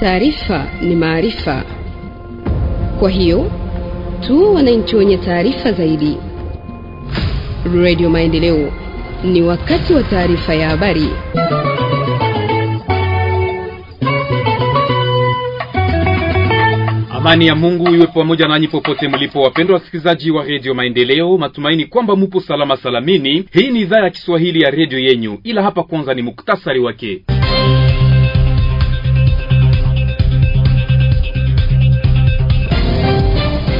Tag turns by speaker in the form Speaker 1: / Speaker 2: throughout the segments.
Speaker 1: Taarifa ni maarifa, kwa hiyo tu wananchi wenye taarifa zaidi. Radio Maendeleo, ni wakati wa taarifa ya habari.
Speaker 2: Amani ya Mungu iwe pamoja nanyi popote mlipo, wapendwa wasikilizaji wa redio Maendeleo. Matumaini kwamba mupo salama salamini. Hii ni idhaa ya Kiswahili ya redio yenyu, ila hapa kwanza ni muktasari wake.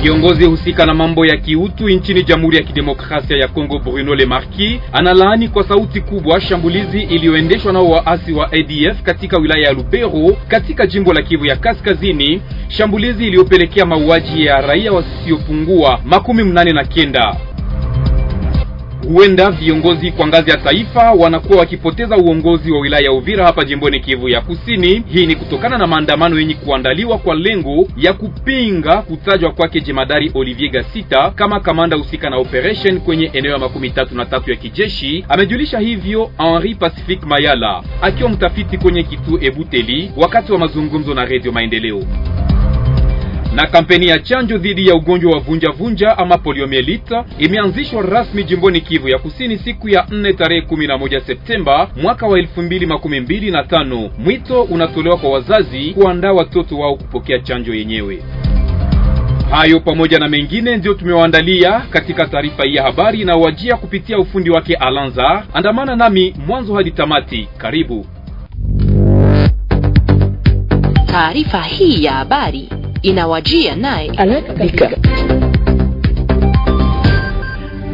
Speaker 2: Kiongozi husika na mambo ya kiutu nchini Jamhuri ya Kidemokrasia ya Kongo, Bruno Le Marquis, analaani kwa sauti kubwa shambulizi iliyoendeshwa nao waasi wa ADF katika wilaya ya Lubero katika jimbo la Kivu ya Kaskazini, shambulizi iliyopelekea mauaji ya raia wasiopungua makumi mnane na kenda huenda viongozi kwa ngazi ya taifa wanakuwa wakipoteza uongozi wa wilaya ya Uvira hapa jimboni Kivu ya Kusini. Hii ni kutokana na maandamano yenye kuandaliwa kwa lengo ya kupinga kutajwa kwake jemadari Olivier Gasita kama kamanda husika na operation kwenye eneo ya makumi tatu na tatu ya kijeshi. Amejulisha hivyo Henri Pacifique Mayala akiwa mtafiti kwenye kituo Ebuteli wakati wa mazungumzo na Radio Maendeleo. Na kampeni ya chanjo dhidi ya ugonjwa wa vunja vunja ama poliomielita imeanzishwa rasmi jimboni Kivu ya Kusini siku ya 4 tarehe 11 Septemba mwaka wa 2025. Mwito unatolewa kwa wazazi kuandaa watoto wao kupokea chanjo yenyewe. Hayo pamoja na mengine ndiyo tumewaandalia katika taarifa hii ya habari inayowajia kupitia ufundi wake Alanza. Andamana nami mwanzo hadi tamati, karibu.
Speaker 1: Taarifa hii ya habari inawajia naye Aleka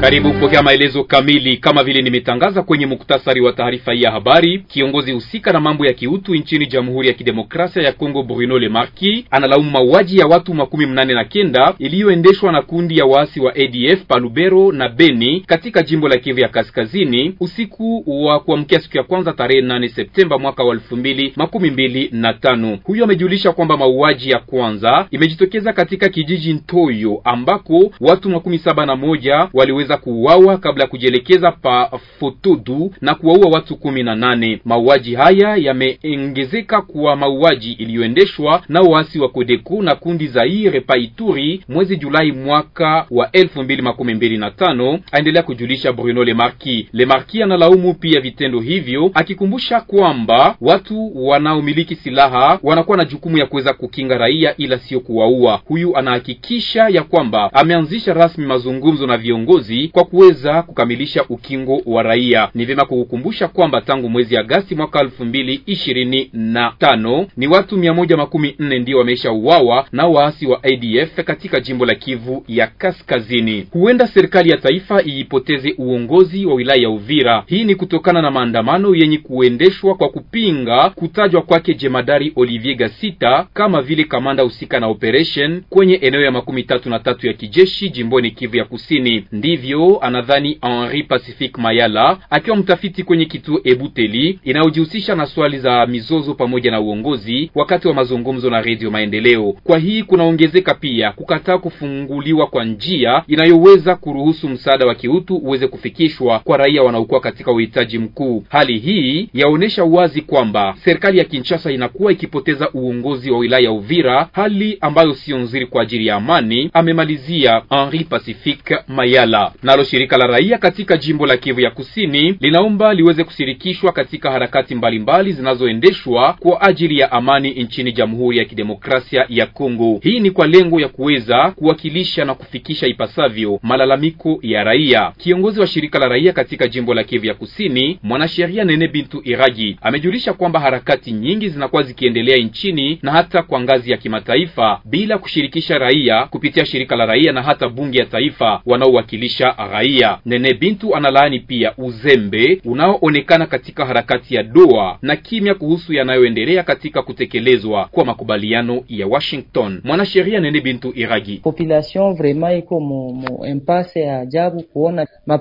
Speaker 2: karibu kupokea maelezo kamili. Kama vile nimetangaza kwenye muktasari wa taarifa hii ya habari, kiongozi husika na mambo ya kiutu nchini Jamhuri ya Kidemokrasia ya Kongo, Bruno Le Marquis, analaumu mauaji ya watu makumi mnane na kenda iliyoendeshwa na kundi ya waasi wa ADF Palubero na Beni katika jimbo la Kivu ya Kaskazini usiku wa kuamkia siku ya kwanza tarehe 8 Septemba mwaka wa elfu mbili makumi mbili na tano. Huyo amejulisha kwamba mauaji ya kwanza imejitokeza katika kijiji Ntoyo ambako watu makumi saba na moja waliweza kuweza kuuawa kabla ya kujielekeza pa Fotodu na kuwaua watu kumi na nane. Mauaji haya yameongezeka kuwa mauaji iliyoendeshwa na waasi wa Kodeku na kundi za ire Paituri mwezi Julai mwaka wa elfu mbili makumi mbili na tano, aendelea kujulisha Bruno Lemarquis. lemarki analaumu pia vitendo hivyo akikumbusha kwamba watu wanaomiliki silaha wanakuwa na jukumu ya kuweza kukinga raia ila sio kuwaua. Huyu anahakikisha ya kwamba ameanzisha rasmi mazungumzo na viongozi kazi kwa kuweza kukamilisha ukingo wa raia. Ni vyema kukukumbusha kwamba tangu mwezi Agasti mwaka elfu mbili ishirini na tano ni watu mia moja makumi nne ndio wameisha uawa na waasi wa ADF katika jimbo la Kivu ya Kaskazini. Huenda serikali ya taifa iipoteze uongozi wa wilaya ya Uvira. Hii ni kutokana na maandamano yenye kuendeshwa kwa kupinga kutajwa kwake jemadari Olivier Gasita kama vile kamanda husika na operation kwenye eneo ya makumi tatu na tatu ya kijeshi jimboni Kivu ya Kusini. Ndivyo hivyo anadhani Henri Pacific Mayala akiwa mtafiti kwenye kituo Ebuteli inayojihusisha na swali za mizozo pamoja na uongozi, wakati wa mazungumzo na Redio Maendeleo. Kwa hii kunaongezeka pia kukataa kufunguliwa kwa njia inayoweza kuruhusu msaada wa kiutu uweze kufikishwa kwa raia wanaokuwa katika uhitaji mkuu. Hali hii yaonyesha wazi kwamba serikali ya Kinshasa inakuwa ikipoteza uongozi wa wilaya ya Uvira, hali ambayo siyo nzuri kwa ajili ya amani, amemalizia Henri Pacific Mayala. Nalo shirika la raia katika jimbo la Kivu ya Kusini linaomba liweze kushirikishwa katika harakati mbalimbali zinazoendeshwa kwa ajili ya amani nchini Jamhuri ya Kidemokrasia ya Kongo. Hii ni kwa lengo ya kuweza kuwakilisha na kufikisha ipasavyo malalamiko ya raia. Kiongozi wa shirika la raia katika jimbo la Kivu ya Kusini, mwanasheria Nene Bintu Iragi, amejulisha kwamba harakati nyingi zinakuwa zikiendelea nchini na hata kwa ngazi ya kimataifa bila kushirikisha raia kupitia shirika la raia na hata bunge ya taifa wanaowakilisha cha raia. Nene Bintu analaani pia uzembe unaoonekana katika harakati ya Doha na kimya kuhusu yanayoendelea katika kutekelezwa kwa makubaliano ya Washington. Mwanasheria Nene Bintu Iragi:
Speaker 3: population vraiment iko mu, impasse ya ajabu kuona ma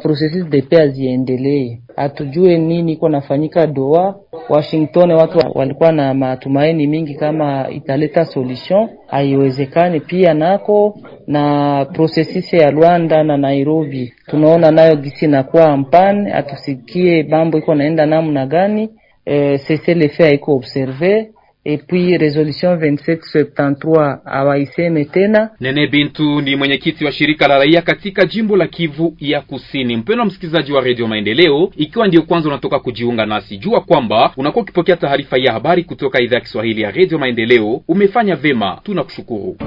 Speaker 3: de paix ziendelee, hatujue nini iko nafanyika Doha. Washington watu walikuwa na matumaini mingi kama italeta solution haiwezekani pia nako na prosesise ya Rwanda na Nairobi, tunaona nayo gisi nakuwa mpane, atusikie bambo iko naenda namna gani. Eh, e, seselefe haiko observe epuis resolution 2773 hawaiseme tena.
Speaker 2: Nene Bintu ni mwenyekiti wa shirika la raia katika jimbo la Kivu ya Kusini. Mpendwa msikilizaji wa Radio Maendeleo, ikiwa ndio kwanza unatoka kujiunga nasi, jua kwamba unakuwa ukipokea taarifa ya habari kutoka idhaa ya Kiswahili ya Radio Maendeleo. Umefanya vema, tunakushukuru.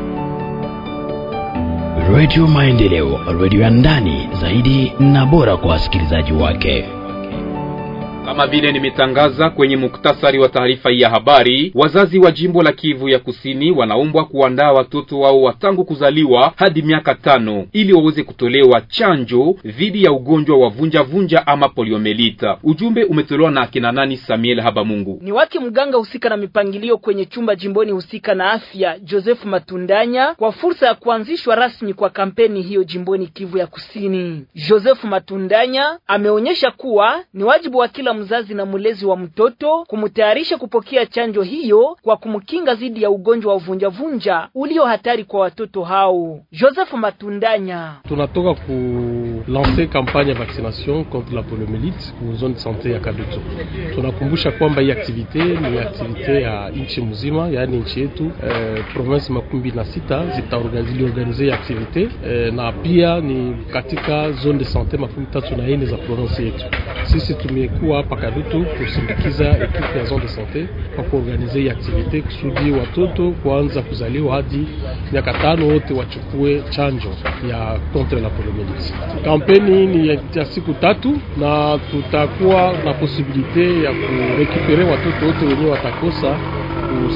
Speaker 4: Radio Maendeleo, radio
Speaker 2: ya ndani zaidi na bora kwa wasikilizaji wake. Kama vile nimetangaza kwenye muktasari wa taarifa hii ya habari, wazazi wa jimbo la Kivu ya Kusini wanaombwa kuandaa watoto wao watangu tangu kuzaliwa hadi miaka tano ili waweze kutolewa chanjo dhidi ya ugonjwa wa vunja vunja ama poliomelita. Ujumbe umetolewa na akina nani? Samuel Habamungu
Speaker 1: ni wake mganga husika na mipangilio kwenye chumba jimboni husika na afya, Joseph Matundanya, kwa fursa ya kuanzishwa rasmi kwa kampeni hiyo jimboni Kivu ya Kusini. Joseph Matundanya ameonyesha kuwa ni wajibu wa kila mzazi na mlezi wa mtoto kumtayarisha kupokea chanjo hiyo kwa kumkinga dhidi ya ugonjwa wa uvunjavunja ulio hatari kwa watoto hao. Joseph Matundanya:
Speaker 5: tunatoka ku lancer kampanye ya vaccination contre la poliomyelite ku zone de santé ya Kadutu. Tunakumbusha kwamba hii aktivite ni aktivite ya nchi mzima, yaani nchi yetu eh, province makumi na sita zitaorganize aktivite eh, na pia ni katika zone de santé makumi tatu na nne za province yetu. Sisi tumekuwa hapa Kadutu kusindikiza ekipe ya zone de sante kwa kuorganize hii aktivite kusudi watoto kuanza kuzaliwa hadi miaka tano wote wachukue chanjo ya contre la poliomyelitis. Kampeni ni ya siku tatu, na tutakuwa na posibilite ya kurekipere watoto wote wenyewe watakosa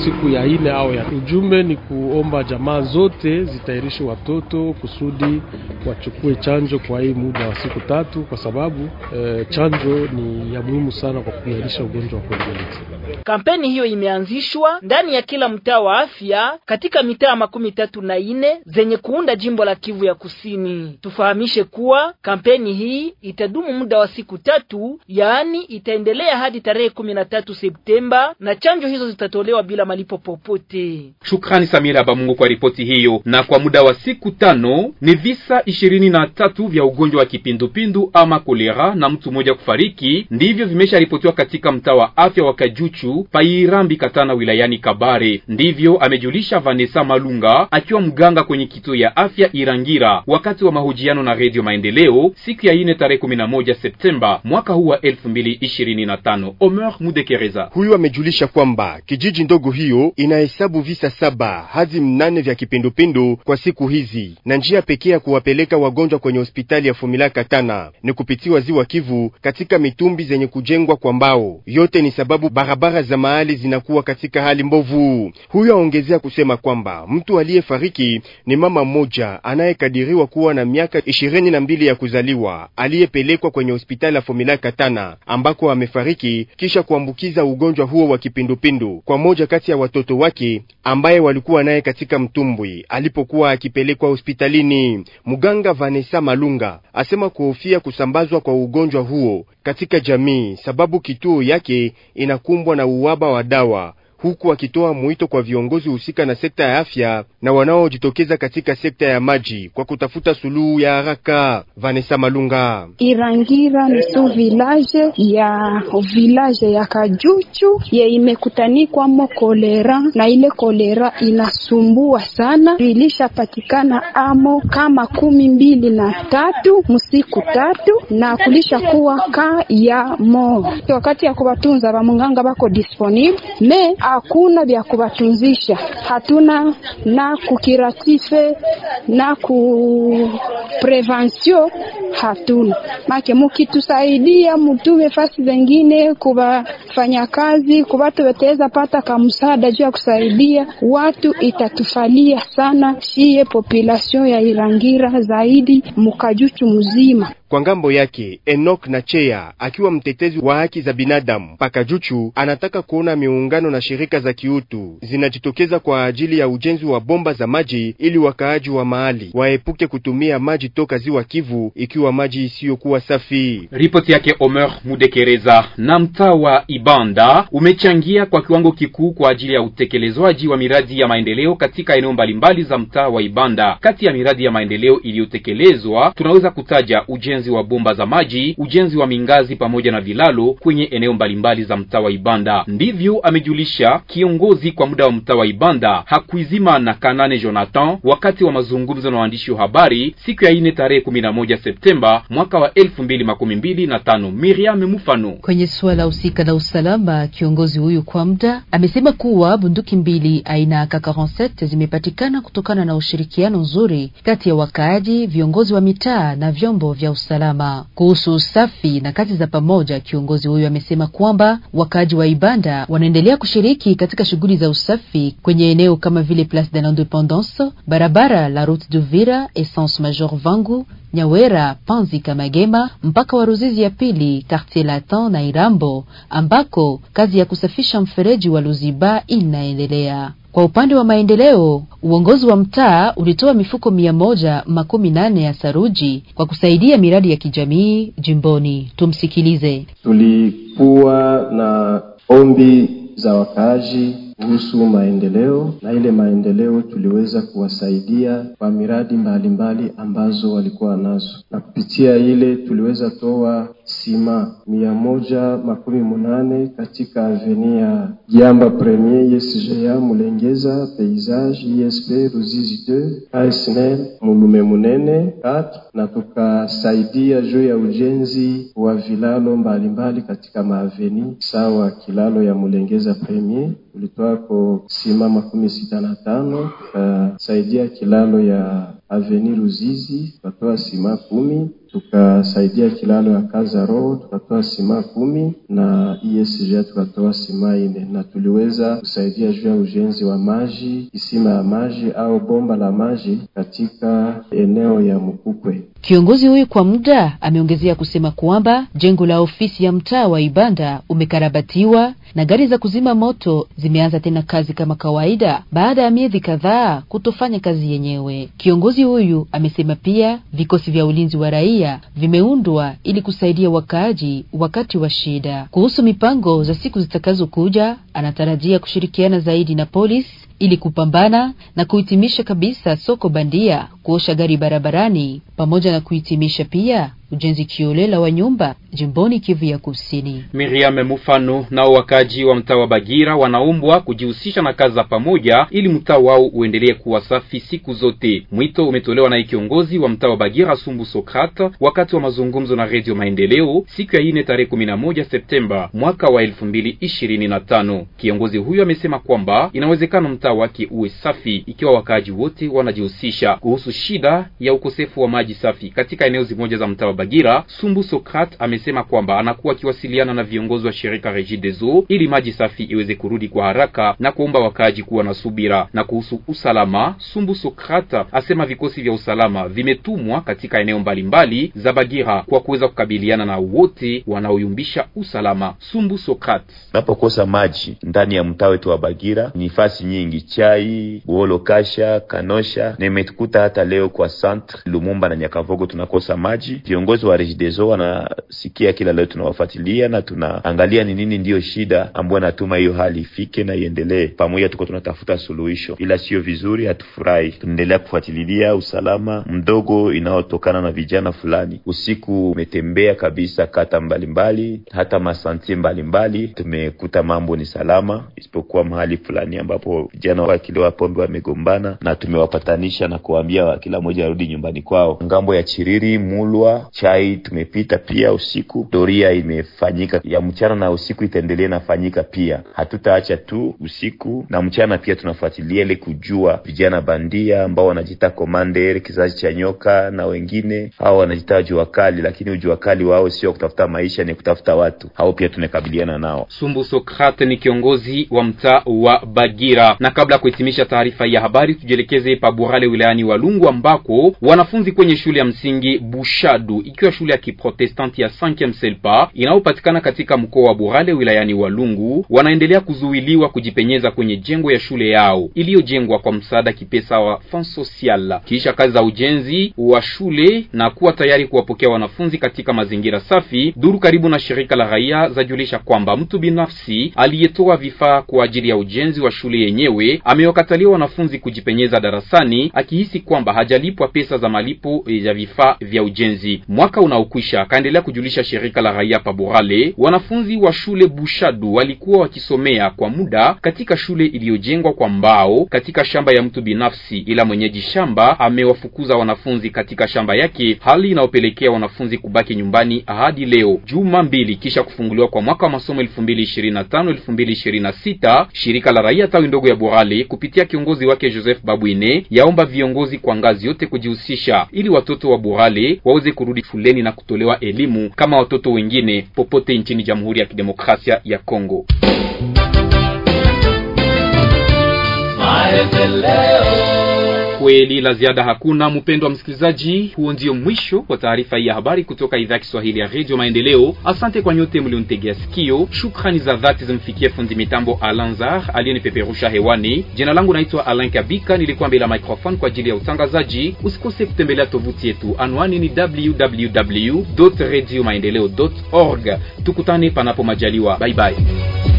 Speaker 5: siku ya ine au ya ujumbe ni kuomba jamaa zote zitayarishe watoto kusudi wachukue chanjo kwa hii muda wa siku tatu, kwa sababu eh, chanjo ni ya muhimu sana kwa kuyarisha ugonjwa wa konjeti.
Speaker 1: Kampeni hiyo imeanzishwa ndani ya kila mtaa wa afya katika mitaa makumi tatu na ine zenye kuunda jimbo la Kivu ya Kusini. Tufahamishe kuwa kampeni hii itadumu muda wa siku tatu, yaani itaendelea hadi tarehe kumi na tatu Septemba na chanjo hizo zitatolewa bila malipo popote.
Speaker 2: Shukrani Samira abamungu kwa ripoti hiyo. Na kwa muda wa siku tano ni visa ishirini na tatu vya ugonjwa wa kipindupindu ama kolera na mtu mmoja kufariki ndivyo vimesharipotiwa katika mtaa wa afya wa Kajuchu Pairambi Katana wilayani Kabare. Ndivyo amejulisha Vanessa Malunga akiwa mganga kwenye kituo ya afya Irangira wakati wa mahojiano na Redio Maendeleo siku ya ine tarehe moja Septemba mwaka huu wa tano. Omer Mudekereza
Speaker 3: huyu amejulisha kwamba kijiji ndogo hiyo inahesabu visa saba hadi mnane vya kipindupindu kwa siku hizi, na njia pekee ya kuwapeleka wagonjwa kwenye hospitali ya Fumila Katana ni kupitiwa ziwa Kivu katika mitumbi zenye kujengwa kwa mbao. Yote ni sababu barabara za mahali zinakuwa katika hali mbovu. Huyo aongezea kusema kwamba mtu aliyefariki ni mama mmoja anayekadiriwa kuwa na miaka ishirini na mbili ya kuzaliwa aliyepelekwa kwenye hospitali ya Fumila Katana ambako amefariki kisha kuambukiza ugonjwa huo wa kipindupindu kwa moja mmoja kati ya watoto wake ambaye walikuwa naye katika mtumbwi alipokuwa akipelekwa hospitalini. Mganga Vanessa Malunga asema kuhofia kusambazwa kwa ugonjwa huo katika jamii, sababu kituo yake inakumbwa na uwaba wa dawa huku akitoa mwito kwa viongozi husika na sekta ya afya na wanaojitokeza katika sekta ya maji kwa kutafuta suluhu ya haraka. Vanessa Malunga
Speaker 1: Irangira ni tu village ya village ya Kajuchu ye imekutanikwa mo kolera, na ile kolera inasumbua sana, ilishapatikana amo kama kumi mbili na tatu msiku tatu, na kulisha kuwa ka ya mo wakati ya kubatunza ba munganga bako disponible me hakuna vya kuwatunzisha hatuna na kukiratife na kuprevensio hatuna make, mukitusaidia mutuwe fasi zengine kuwa fanya kazi kubatu watu wataweza pata kamsaada juu ya kusaidia watu, itatufalia sana siye population ya Irangira zaidi mukajuchu mzima.
Speaker 3: Kwa ngambo yake na Chea akiwa mtetezi wa haki za binadamu pakajuchu, anataka kuona miungano na shirika za kiutu zinajitokeza kwa ajili ya ujenzi wa bomba za maji ili wakaaji wa mahali waepuke kutumia maji toka ziwa Kivu ikiwa maji isiyokuwa safi.
Speaker 2: Ripoti yake Omer Mudekereza na mtaa wa Ibanda umechangia kwa kiwango kikuu kwa ajili ya utekelezwaji wa miradi ya maendeleo katika eneo mbalimbali za mtaa wa Ibanda. Kati ya miradi ya maendeleo iliyotekelezwa tunaweza kutaja ujenzi wa bomba za maji, ujenzi wa mingazi pamoja na vilalo kwenye eneo mbalimbali za mtaa wa Ibanda. Ndivyo amejulisha kiongozi kwa muda wa mtaa wa Ibanda Hakuizima na Kanane Jonathan wakati wa mazungumzo na waandishi wa habari siku ya ine tarehe 11 Septemba mwaka wa 2025. Miriam Mufano
Speaker 1: kwenye swala husika na Salama, uh, kiongozi huyu kwa muda, amesema kuwa bunduki mbili aina ya AK47 zimepatikana kutokana na ushirikiano nzuri kati ya wakaaji, viongozi wa mitaa na vyombo vya usalama. Kuhusu usafi na kazi za pamoja, kiongozi huyu amesema kwamba wakaaji wa Ibanda wanaendelea kushiriki katika shughuli za usafi kwenye eneo kama vile Place de l'Independance, barabara la Route d'Uvira, Essence Major Vangu Nyawera, Panzi, Kamagema mpaka wa Ruzizi ya pili Quartier Latin na Irambo, ambako kazi ya kusafisha mfereji wa Luziba inaendelea. Kwa upande wa maendeleo, uongozi wa mtaa ulitoa mifuko mia moja makumi nane ya saruji kwa kusaidia miradi ya kijamii jimboni. Tumsikilize.
Speaker 5: Tulikuwa na ombi za wakaaji kuhusu maendeleo na ile maendeleo tuliweza kuwasaidia kwa miradi mbalimbali mbali ambazo walikuwa nazo, na kupitia ile tuliweza toa sima mia moja makumi munane katika aveni ya Giamba Premier yesijea Mulengeza Paysage ISP Ruzizi de asnel Mulume Munene 4 na tukasaidia juu ya ujenzi wa vilalo mbalimbali mbali katika maaveni sawa kilalo ya Mulengeza Premier ambapo simama kumi sita na tano tukasaidia kilalo ya avenir uzizi tukatoa sima kumi tukasaidia kilalo ya Kazaro tukatoa sima kumi na ESG tukatoa sima ine, na tuliweza kusaidia juu ya ujenzi wa maji, kisima ya maji au bomba la maji katika eneo ya Mkukwe.
Speaker 1: Kiongozi huyu kwa muda ameongezea kusema kwamba jengo la ofisi ya mtaa wa Ibanda umekarabatiwa na gari za kuzima moto zimeanza tena kazi kama kawaida baada ya miezi kadhaa kutofanya kazi yenyewe. Kiongozi huyu amesema pia vikosi vya ulinzi wa raia vimeundwa ili kusaidia wakaaji wakati wa shida. Kuhusu mipango za siku zitakazokuja, anatarajia kushirikiana zaidi na polisi ili kupambana na kuhitimisha kabisa soko bandia, kuosha gari barabarani, pamoja na kuhitimisha pia ujenzi kiolela wa nyumba jimboni Kivu ya Kusini.
Speaker 2: Miriam Mufano. Nao wakaji wa mtaa wa Bagira wanaombwa kujihusisha na kazi za pamoja ili mtaa wao uendelee kuwa safi siku zote. Mwito umetolewa naye kiongozi wa mtaa wa Bagira Sumbu Sokrate wakati wa mazungumzo na Radio Maendeleo siku ya ine tarehe 11 Septemba mwaka wa 2025. Kiongozi huyo amesema kwamba inawezekana mtaa wake uwe safi ikiwa wakaji wote wanajihusisha kuhusu shida ya ukosefu wa maji safi katika eneo zimoja za mtaa wa Bagira, Sumbu Sokrat amesema kwamba anakuwa akiwasiliana na viongozi wa shirika Regideso ili maji safi iweze kurudi kwa haraka na kuomba wakaaji kuwa na subira. Na kuhusu usalama, Sumbu Sokrat asema vikosi vya usalama vimetumwa katika eneo mbalimbali mbali za Bagira kwa kuweza kukabiliana na wote wanaoyumbisha usalama. Sumbu Sokrat:
Speaker 4: napokosa maji ndani ya mtaa wetu wa Bagira, nifasi nyingi Chai, Buholo, Kasha, Kanosha, nimetukuta hata leo kwa Centre Lumumba na Nyakavogo tunakosa maji viongozi viongozi wa Regideso wanasikia kila leo, tunawafuatilia na tunaangalia ni nini ndiyo shida ambayo anatuma hiyo hali ifike na iendelee. Pamoja tuko tunatafuta suluhisho, ila sio vizuri, hatufurahi. Tunaendelea kufuatilia usalama mdogo inaotokana na vijana fulani. Usiku umetembea kabisa kata mbalimbali mbali, hata masantie mbalimbali tumekuta mambo ni salama, isipokuwa mahali fulani ambapo vijana wakilewa pombe wamegombana, na tumewapatanisha na kuwaambia kila mmoja arudi nyumbani kwao, ngambo ya Chiriri Mulwa chai tumepita pia usiku, doria imefanyika ya mchana na usiku itaendelea nafanyika pia. Hatutaacha tu usiku na mchana pia, tunafuatilia ile kujua vijana bandia ambao wanajita komander kizazi cha nyoka na wengine hao wanajita jua kali, lakini ujua kali wao sio kutafuta maisha, ni kutafuta watu. Hao pia tumekabiliana nao.
Speaker 2: Sumbu Sokrate ni kiongozi wa mtaa wa Bagira. Na kabla ya kuhitimisha taarifa ya habari, tujielekeze paburale wilayani Walungu ambako wanafunzi kwenye shule ya msingi Bushadu ikiwa shule ya Kiprotestanti ya Sankem Selpa inayopatikana katika mkoa wa Burale wilayani Walungu wanaendelea kuzuiliwa kujipenyeza kwenye jengo ya shule yao iliyojengwa kwa msaada kipesa wa Fonds Social, kisha kazi za ujenzi wa shule na kuwa tayari kuwapokea wanafunzi katika mazingira safi. Duru karibu na shirika la raia zajulisha kwamba mtu binafsi aliyetoa vifaa kwa ajili ya ujenzi wa shule yenyewe amewakatalia wanafunzi kujipenyeza darasani akihisi kwamba hajalipwa pesa za malipo ya vifaa vya ujenzi. Mwaka unaokwisha akaendelea kujulisha shirika la raia Paborale, wanafunzi wa shule Bushadu walikuwa wakisomea kwa muda katika shule iliyojengwa kwa mbao katika shamba ya mtu binafsi, ila mwenyeji shamba amewafukuza wanafunzi katika shamba yake, hali inayopelekea wanafunzi kubaki nyumbani hadi leo, juma mbili kisha kufunguliwa kwa mwaka wa masomo 2025 2026. Shirika la raia tawi ndogo ya Borale kupitia kiongozi wake Joseph Babwine yaomba viongozi kwa ngazi yote kujihusisha ili watoto wa Borale waweze kurudi kurudi fuleni na kutolewa elimu kama watoto wengine popote nchini Jamhuri ya Kidemokrasia ya Kongo kweli la ziada hakuna, mpendwa msikilizaji, huo ndio mwisho wa taarifa hii ya habari kutoka idhaa Kiswahili ya Radio Maendeleo. Asante kwa nyote mliontegea sikio. Shukrani za dhati zimfikie fundi mitambo Alanzar aliyenipeperusha hewani. Jina langu naitwa Alan Kabika, nilikuwa mbele ya microphone kwa ajili ya utangazaji. Usikose kutembelea tovuti yetu, anwani ni www.radiomaendeleo.org. Tukutane panapo majaliwa, bye bye.